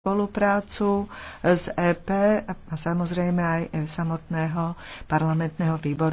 spoluprácu s EP a samozrejme aj samotného parlamentného výboru.